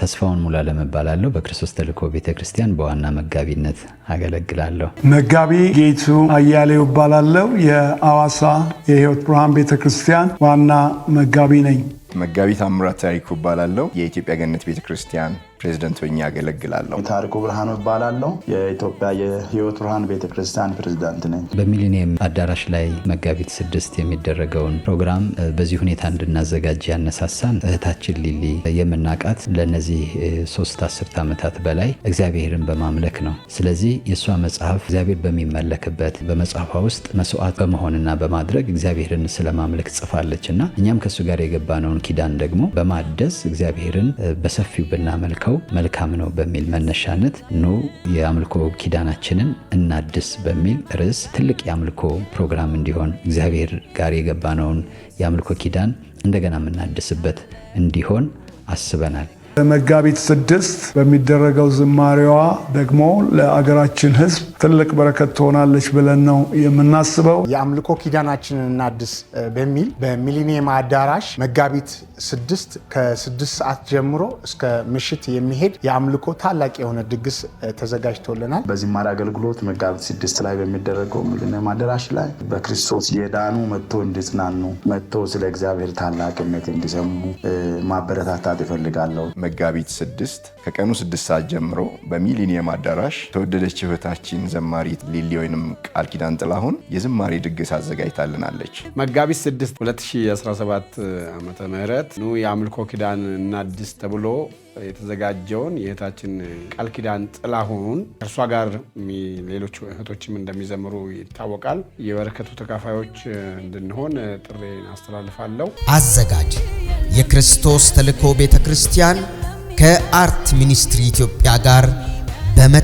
ተስፋውን ሙላ ለመባላለሁ በክርስቶስ ተልእኮ ቤተ ክርስቲያን በዋና መጋቢነት አገለግላለሁ። መጋቢ ጌቱ አያሌው እባላለሁ። የአዋሳ የህይወት ብርሃን ቤተ ክርስቲያን ዋና መጋቢ ነኝ። መጋቢ ታምራት ታሪኩ እባላለሁ። የኢትዮጵያ ገነት ቤተክርስቲያን ፕሬዚደንት ሆኜ ያገለግላለሁ። ታሪኩ ብርሃኑ እባላለሁ። የኢትዮጵያ የህይወት ብርሃን ቤተክርስቲያን ፕሬዝዳንት ነኝ። በሚሊኒየም አዳራሽ ላይ መጋቢት ስድስት የሚደረገውን ፕሮግራም በዚህ ሁኔታ እንድናዘጋጅ ያነሳሳን እህታችን ሊሊ የምናቃት ለእነዚህ ሶስት አስርት ዓመታት በላይ እግዚአብሔርን በማምለክ ነው። ስለዚህ የእሷ መጽሐፍ እግዚአብሔር በሚመለክበት በመጽሐፏ ውስጥ መስዋዕት በመሆንና በማድረግ እግዚአብሔርን ስለማምለክ ጽፋለች እና እኛም ከእሱ ጋር የገባ ነው። ኪዳን ደግሞ በማደስ እግዚአብሔርን በሰፊው ብናመልከው መልካም ነው በሚል መነሻነት ኑ የአምልኮ ኪዳናችንን እናድስ በሚል ርዕስ ትልቅ የአምልኮ ፕሮግራም እንዲሆን እግዚአብሔር ጋር የገባነውን የአምልኮ ኪዳን እንደገና የምናድስበት እንዲሆን አስበናል። በመጋቢት ስድስት በሚደረገው ዝማሬዋ ደግሞ ለአገራችን ህዝብ ትልቅ በረከት ትሆናለች ብለን ነው የምናስበው። የአምልኮ ኪዳናችንን እናድስ በሚል በሚሊኒየም አዳራሽ መጋቢት ስድስት ከስድስት ሰዓት ጀምሮ እስከ ምሽት የሚሄድ የአምልኮ ታላቅ የሆነ ድግስ ተዘጋጅቶልናል። በዝማሬ አገልግሎት መጋቢት ስድስት ላይ በሚደረገው ሚሊኒየም አዳራሽ ላይ በክርስቶስ የዳኑ መጥቶ እንዲጽናኑ መጥቶ ስለ እግዚአብሔር ታላቅነት እንዲሰሙ ማበረታታት ይፈልጋለሁ። መጋቢት 6 ከቀኑ 6 ሰዓት ጀምሮ በሚሊኒየም አዳራሽ ተወደደች እህታችን ዘማሪት ሊሊ ወይንም ቃል ኪዳን ጥላሁን የዝማሬ ድግስ አዘጋጅታልናለች። መጋቢት 6 2017 ዓመተ ምህረት ኑ የአምልኮ ኪዳን እናድስ ተብሎ የተዘጋጀውን የእህታችን ቃል ኪዳን ጥላሁን ከእርሷ ጋር ሌሎች እህቶችም እንደሚዘምሩ ይታወቃል። የበረከቱ ተካፋዮች እንድንሆን ጥሬ አስተላልፋለሁ። አዘጋጅ የክርስቶስ ተልእኮ ቤተ ክርስቲያን ከአርት ሚኒስትሪ ኢትዮጵያ ጋር በመ